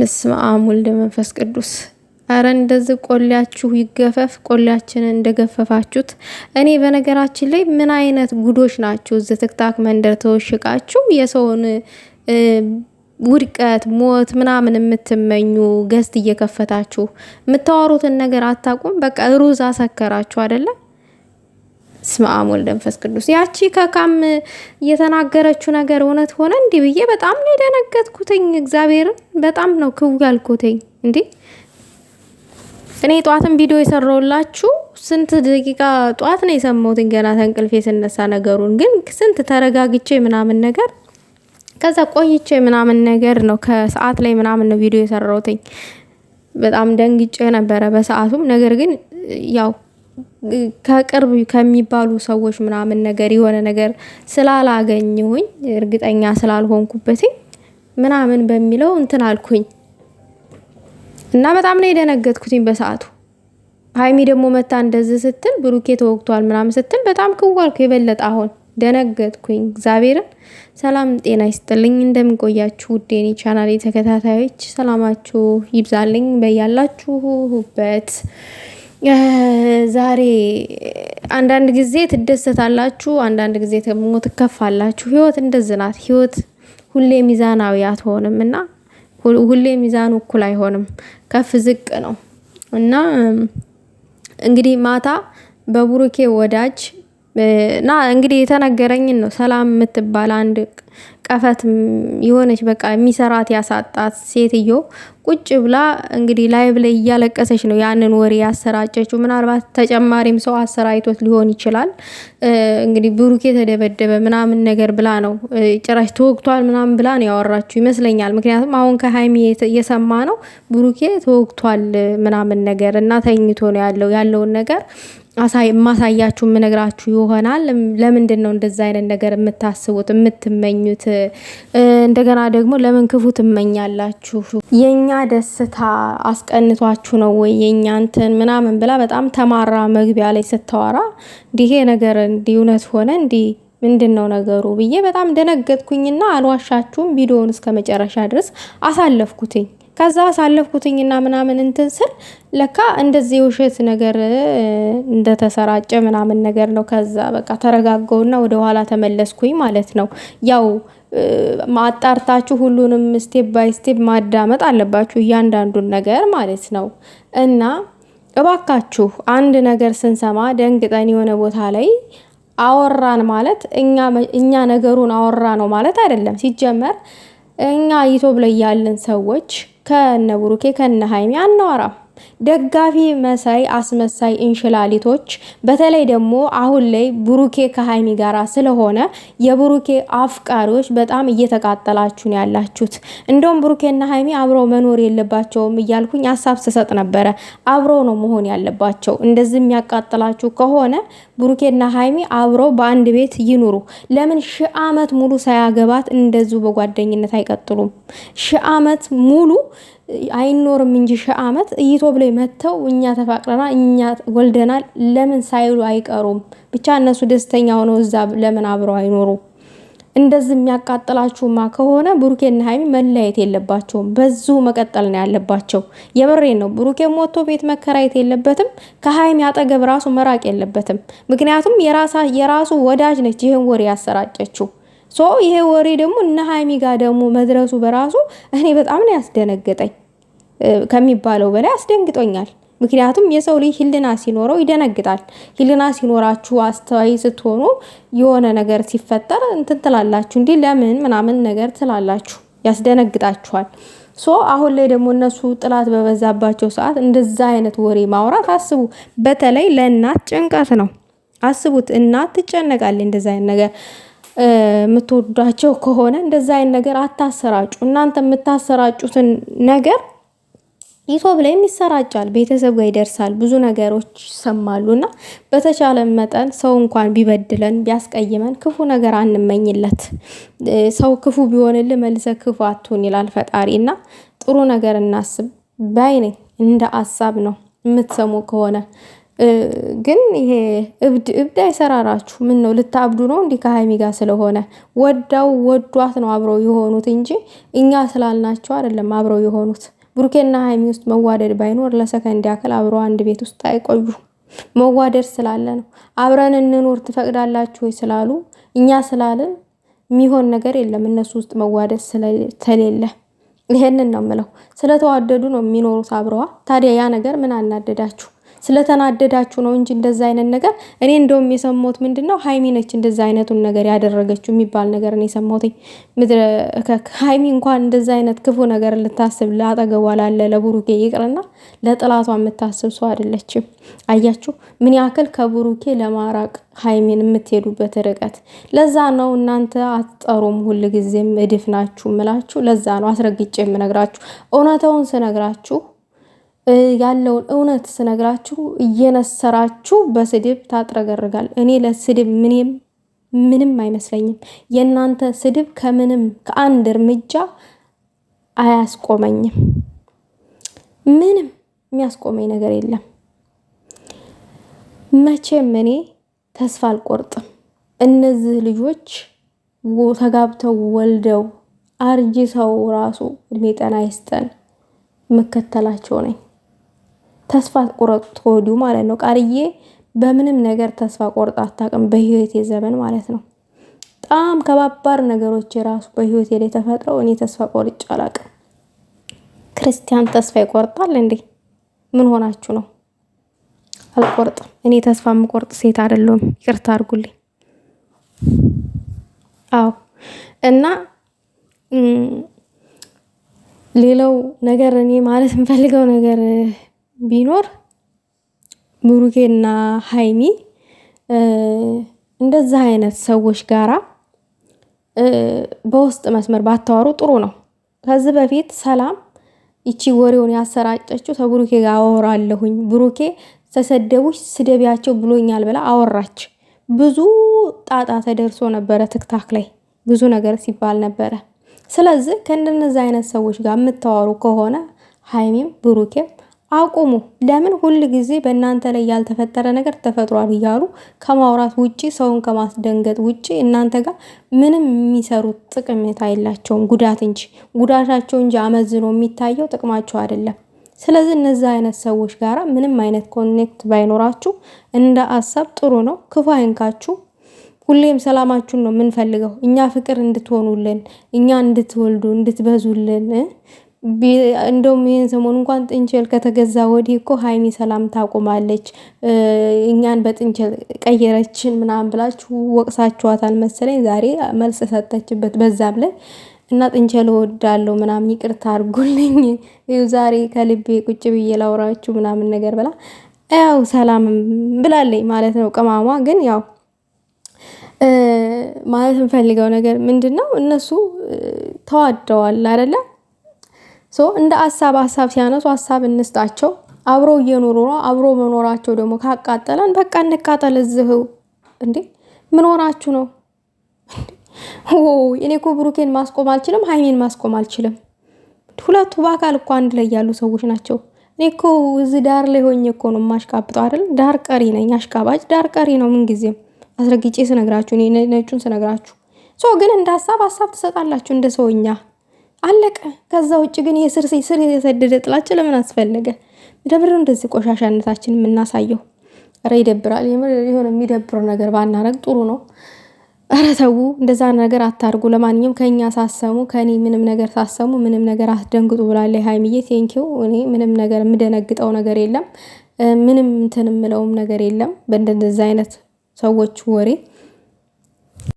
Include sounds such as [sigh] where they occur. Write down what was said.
ምስም አብ መንፈስ ቅዱስ። አረ እንደዚህ ቆሌያችሁ ይገፈፍ፣ ቆሌያችንን እንደገፈፋችሁት። እኔ በነገራችን ላይ ምን አይነት ጉዶች ናችሁ? እዚህ ትክታክ መንደር ተወሽቃችሁ የሰውን ውድቀት፣ ሞት ምናምን የምትመኙ ገዝት እየከፈታችሁ የምታወሩትን ነገር አታቁም። በቃ ሩዝ አሰከራችሁ አይደለም ስመ አብ ወልድ ቅዱስ። ያቺ ከካም እየተናገረችው ነገር እውነት ሆነ እንዲህ ብዬ በጣም ነው የደነገጥኩትኝ። እግዚአብሔርን በጣም ነው ክው ያልኩትኝ። እንዴ እኔ ጠዋትን ቪዲዮ የሰራውላችሁ ስንት ደቂቃ ጠዋት ነው የሰማሁትን ገና ተንቅልፌ ስነሳ ነገሩን ግን ስንት ተረጋግቼ ምናምን ነገር ከዛ ቆይቼ ምናምን ነገር ነው ከሰዓት ላይ ምናምን ነው ቪዲዮ የሰራውትኝ። በጣም ደንግጬ ነበረ በሰዓቱም ነገር ግን ያው ከቅርብ ከሚባሉ ሰዎች ምናምን ነገር የሆነ ነገር ስላላገኘሁኝ እርግጠኛ ስላልሆንኩበትኝ ምናምን በሚለው እንትን አልኩኝ እና በጣም ነው የደነገጥኩትኝ በሰዓቱ። ሀይሚ ደግሞ መታ እንደዚህ ስትል ብሩኬ ተወግቷል ምናምን ስትል በጣም ክዋልኩ። የበለጠ አሁን ደነገጥኩኝ። እግዚአብሔርን። ሰላም ጤና ይስጥልኝ። እንደምንቆያችሁ ውዴን ቻናል ተከታታዮች ሰላማችሁ ይብዛልኝ በያላችሁበት ዛሬ አንዳንድ ጊዜ ትደሰታላችሁ፣ አንዳንድ ጊዜ ደግሞ ትከፋላችሁ። ህይወት እንደዚህ ናት። ህይወት ሁሌ ሚዛናዊ አትሆንም እና ሁሌ ሚዛኑ እኩል አይሆንም፣ ከፍ ዝቅ ነው እና እንግዲህ ማታ በቡሩኬ ወዳጅ እና እንግዲህ የተነገረኝን ነው። ሰላም የምትባል አንድ ቀፈት የሆነች በቃ የሚሰራት ያሳጣት ሴትዮ ቁጭ ብላ እንግዲህ ላይቭ ላይ እያለቀሰች ነው ያንን ወሬ ያሰራጨችው። ምናልባት ተጨማሪም ሰው አሰራይቶት ሊሆን ይችላል። እንግዲህ ብሩኬ የተደበደበ ምናምን ነገር ብላ ነው ጭራሽ ተወግቷል ምናምን ብላ ነው ያወራችሁ ይመስለኛል። ምክንያቱም አሁን ከሀይሚ የሰማ ነው ብሩኬ ተወግቷል ምናምን ነገር እና ተኝቶ ነው ያለው ያለውን ነገር ማሳያችሁ የምነግራችሁ ይሆናል። ለምንድን ነው እንደዛ አይነት ነገር የምታስቡት የምትመኙት? እንደገና ደግሞ ለምን ክፉ ትመኛላችሁ? የእኛ ደስታ አስቀንቷችሁ ነው ወይ የእኛ እንትን ምናምን ብላ በጣም ተማራ መግቢያ ላይ ስታወራ እንዲሄ ነገር እንዲህ እውነት ሆነ እንዲህ ምንድን ነው ነገሩ ብዬ በጣም ደነገጥኩኝና አልዋሻችሁም ቪዲዮውን እስከ መጨረሻ ድረስ አሳለፍኩትኝ። ከዛ አሳለፍኩትኝና ምናምን እንትን ስል ለካ እንደዚህ ውሸት ነገር እንደተሰራጨ ምናምን ነገር ነው። ከዛ በቃ ተረጋገውና ወደ ኋላ ተመለስኩኝ ማለት ነው። ያው ማጣርታችሁ ሁሉንም ስቴፕ ባይ ስቴፕ ማዳመጥ አለባችሁ እያንዳንዱን ነገር ማለት ነው እና እባካችሁ አንድ ነገር ስንሰማ ደንግጠን የሆነ ቦታ ላይ አወራን ማለት እኛ ነገሩን አወራ ነው ማለት አይደለም። ሲጀመር እኛ ይቶ ብለ ያለን ሰዎች ከነ ቡሩኬ ከነ ሀይሚ አናወራም። ደጋፊ መሳይ አስመሳይ እንሽላሊቶች በተለይ ደግሞ አሁን ላይ ብሩኬ ከሀይሚ ጋር ስለሆነ የብሩኬ አፍቃሪዎች በጣም እየተቃጠላችሁ ነው ያላችሁት። እንደውም ብሩኬና ሀይሚ አብረው መኖር የለባቸውም እያልኩኝ ሀሳብ ስሰጥ ነበረ። አብረው ነው መሆን ያለባቸው። እንደዚህ የሚያቃጥላችሁ ከሆነ ብሩኬና ሀይሚ አብረው በአንድ ቤት ይኑሩ። ለምን ሺ ዓመት ሙሉ ሳያገባት እንደዚሁ በጓደኝነት አይቀጥሉም? ሺ ዓመት ሙሉ አይኖርም እንጂ ሺ ዓመት እይቶ ብለ መጥተው እኛ ተፋቅረና እኛ ወልደናል ለምን ሳይሉ አይቀሩም። ብቻ እነሱ ደስተኛ ሆነው እዛ ለምን አብረው አይኖሩ? እንደዚህ የሚያቃጥላችሁማ ከሆነ ብሩኬና ሀይሚ መለያየት የለባቸውም። በዙ መቀጠል ነው ያለባቸው። የበሬን ነው ብሩኬ ሞቶ ቤት መከራየት የለበትም። ከሀይሚ አጠገብ ራሱ መራቅ የለበትም። ምክንያቱም የራሱ ወዳጅ ነች ይህን ወሬ ያሰራጨችው። ሶ ይሄ ወሬ ደግሞ እነ ሀይሚ ጋር ደግሞ መድረሱ በራሱ እኔ በጣም ነው ያስደነገጠኝ። ከሚባለው በላይ አስደንግጦኛል። ምክንያቱም የሰው ልጅ ህልና ሲኖረው ይደነግጣል። ህልና ሲኖራችሁ አስተዋይ ስትሆኑ የሆነ ነገር ሲፈጠር እንትን ትላላችሁ፣ እንዲህ ለምን ምናምን ነገር ትላላችሁ፣ ያስደነግጣችኋል። ሶ አሁን ላይ ደግሞ እነሱ ጥላት በበዛባቸው ሰዓት እንደዛ አይነት ወሬ ማውራት አስቡ። በተለይ ለእናት ጭንቀት ነው። አስቡት፣ እናት ትጨነቃለች። እንደዛ አይነት ነገር የምትወዷቸው ከሆነ እንደዛ አይነት ነገር አታሰራጩ። እናንተ የምታሰራጩትን ነገር ዩቱብ ላይም ይሰራጫል፣ ቤተሰብ ጋር ይደርሳል፣ ብዙ ነገሮች ይሰማሉ። እና በተቻለ መጠን ሰው እንኳን ቢበድለን ቢያስቀይመን ክፉ ነገር አንመኝለት። ሰው ክፉ ቢሆንልህ መልሰ ክፉ አትሁን ይላል ፈጣሪ እና ጥሩ ነገር እናስብ ባይ እንደ አሳብ ነው የምትሰሙ ከሆነ ግን ይሄ እብድ እብድ አይሰራራችሁ። ምን ነው ልታብዱ ነው? እንዲህ ከሀይሚ ጋር ስለሆነ ወዳው ወዷት ነው አብረው የሆኑት እንጂ እኛ ስላልናቸው አይደለም አብረው የሆኑት። ብሩኬና ሀይሚ ውስጥ መዋደድ ባይኖር ለሰከንድ ያክል አብሮ አንድ ቤት ውስጥ አይቆዩ። መዋደድ ስላለ ነው። አብረን እንኖር ትፈቅዳላችሁ ወይ ስላሉ እኛ ስላልን የሚሆን ነገር የለም። እነሱ ውስጥ መዋደድ ስለሌለ ይሄንን ነው ምለው። ስለተዋደዱ ነው የሚኖሩት አብረዋ። ታዲያ ያ ነገር ምን አናደዳችሁ? ስለተናደዳችሁ ነው እንጂ እንደዛ አይነት ነገር እኔ እንደውም የሰማሁት ምንድን ነው ሀይሚ ነች እንደዛ አይነቱን ነገር ያደረገችው የሚባል ነገር ነው የሰማሁት። ምድረ ሀይሚ እንኳን እንደዛ አይነት ክፉ ነገር ልታስብ ላጠገቧ ላለ ለቡሩኬ ይቅርና ለጥላቷ የምታስብ ሰው አይደለችም። አያችሁ ምን ያክል ከቡሩኬ ለማራቅ ሀይሜን የምትሄዱበት ርቀት። ለዛ ነው እናንተ አትጠሩም፣ ጊዜም እድፍ ናችሁ ምላችሁ። ለዛ ነው አስረግጬ የምነግራችሁ እውነተውን ስነግራችሁ ያለውን እውነት ስነግራችሁ እየነሰራችሁ በስድብ ታጥረገርጋል። እኔ ለስድብ ምንም ምንም አይመስለኝም። የእናንተ ስድብ ከምንም ከአንድ እርምጃ አያስቆመኝም። ምንም የሚያስቆመኝ ነገር የለም። መቼም እኔ ተስፋ አልቆርጥም። እነዚህ ልጆች ተጋብተው ወልደው አርጅ ሰው ራሱ እድሜ ጠና ይስጠን። መከተላቸው ነኝ። ተስፋ ቁረጡ ማለት ነው። ቃልዬ በምንም ነገር ተስፋ ቆርጣ አታውቅም በህይወቴ ዘመን ማለት ነው። በጣም ከባባር ነገሮች የራሱ በህይወቴ ላይ ተፈጥረው እኔ ተስፋ ቆርጬ አላውቅም። ክርስቲያን ተስፋ ይቆርጣል እንዴ? ምን ሆናችሁ ነው? አልቆርጥም። እኔ ተስፋ የምቆርጥ ሴት አይደለሁም። ይቅርታ አድርጉልኝ። አዎ እና ሌላው ነገር እኔ ማለት የምፈልገው ነገር ቢኖር ብሩኬና ሀይሚ እንደዛ አይነት ሰዎች ጋራ በውስጥ መስመር ባታዋሩ ጥሩ ነው። ከዚህ በፊት ሰላም ይቺ ወሬውን ያሰራጨችው ከብሩኬ ጋር አወራለሁኝ ብሩኬ ተሰደቡች ስደቢያቸው ብሎኛል ብላ አወራች። ብዙ ጣጣ ተደርሶ ነበረ፣ ትክታክ ላይ ብዙ ነገር ሲባል ነበረ። ስለዚህ ከእንደነዚ አይነት ሰዎች ጋር የምታወሩ ከሆነ ሀይሚም ብሩኬም አቁሙ። ለምን ሁል ጊዜ በእናንተ ላይ ያልተፈጠረ ነገር ተፈጥሯል እያሉ ከማውራት ውጪ ሰውን ከማስደንገጥ ውጪ እናንተ ጋር ምንም የሚሰሩት ጥቅሜታ የላቸውም፣ ጉዳት እንጂ ጉዳታቸው እንጂ አመዝኖ የሚታየው ጥቅማቸው አይደለም። ስለዚህ እነዚህ አይነት ሰዎች ጋራ ምንም አይነት ኮኔክት ባይኖራችሁ እንደ አሳብ ጥሩ ነው። ክፉ አይንካችሁ። ሁሌም ሰላማችሁን ነው የምንፈልገው። እኛ ፍቅር እንድትሆኑልን፣ እኛ እንድትወልዱ፣ እንድትበዙልን እንደውም ይህን ሰሞን እንኳን ጥንቸል ከተገዛ ወዲህ እኮ ሀይሚ ሰላም ታቁማለች እኛን በጥንቸል ቀየረችን ምናምን ብላችሁ ወቅሳችኋታል መሰለኝ። ዛሬ መልስ ሰጠችበት በዛም ላይ እና ጥንቸል እወዳለሁ ምናምን ይቅርታ አድርጉልኝ፣ [laughs] ዛሬ ከልቤ ቁጭ ብዬ ላውራችሁ ምናምን ነገር ብላ ያው ሰላም ብላለኝ ማለት ነው። ቅማሟ ግን ያው ማለት የምፈልገው ነገር ምንድን ነው እነሱ ተዋደዋል አይደለም ሶ እንደ ሀሳብ ሀሳብ ሲያነሱ ሀሳብ እንስጣቸው። አብሮ እየኖሩ ነው። አብሮ መኖራቸው ደግሞ ካቃጠለን በቃ እንቃጠል እዚህው። እንዴ ምኖራችሁ ነው? እኔ እኮ ብሩኬን ማስቆም አልችልም፣ ሀይሜን ማስቆም አልችልም። ሁለቱ በአካል እኮ አንድ ላይ ያሉ ሰዎች ናቸው። እኔ እኮ እዚህ ዳር ላይ ሆኜ እኮ ነው የማሽቃብጠው አይደል? ዳር ቀሪ ነኝ፣ አሽቃባጭ ዳር ቀሪ ነው ምንጊዜም። አስረግጬ ስነግራችሁ፣ ነጩን ስነግራችሁ። ግን እንደ ሀሳብ ሀሳብ ትሰጣላችሁ እንደ ሰውኛ አለቀ። ከዛ ውጭ ግን ይሄ ስር የሰደደ ጥላቸው ለምን አስፈለገ? ደብረው እንደዚህ ቆሻሻነታችን የምናሳየው ረ ይደብራል። የሆነ የሚደብረው ነገር ባናረግ ጥሩ ነው። ረ ተዉ፣ እንደዛ ነገር አታርጉ። ለማንኛውም ከኛ ሳሰሙ ከእኔ ምንም ነገር ሳሰሙ ምንም ነገር አስደንግጡ ብላለ ሀይሚዬ። ቴንኪው። እኔ ምንም ነገር የምደነግጠው ነገር የለም ምንም እንትን የምለውም ነገር የለም በእንደዚ አይነት ሰዎች ወሬ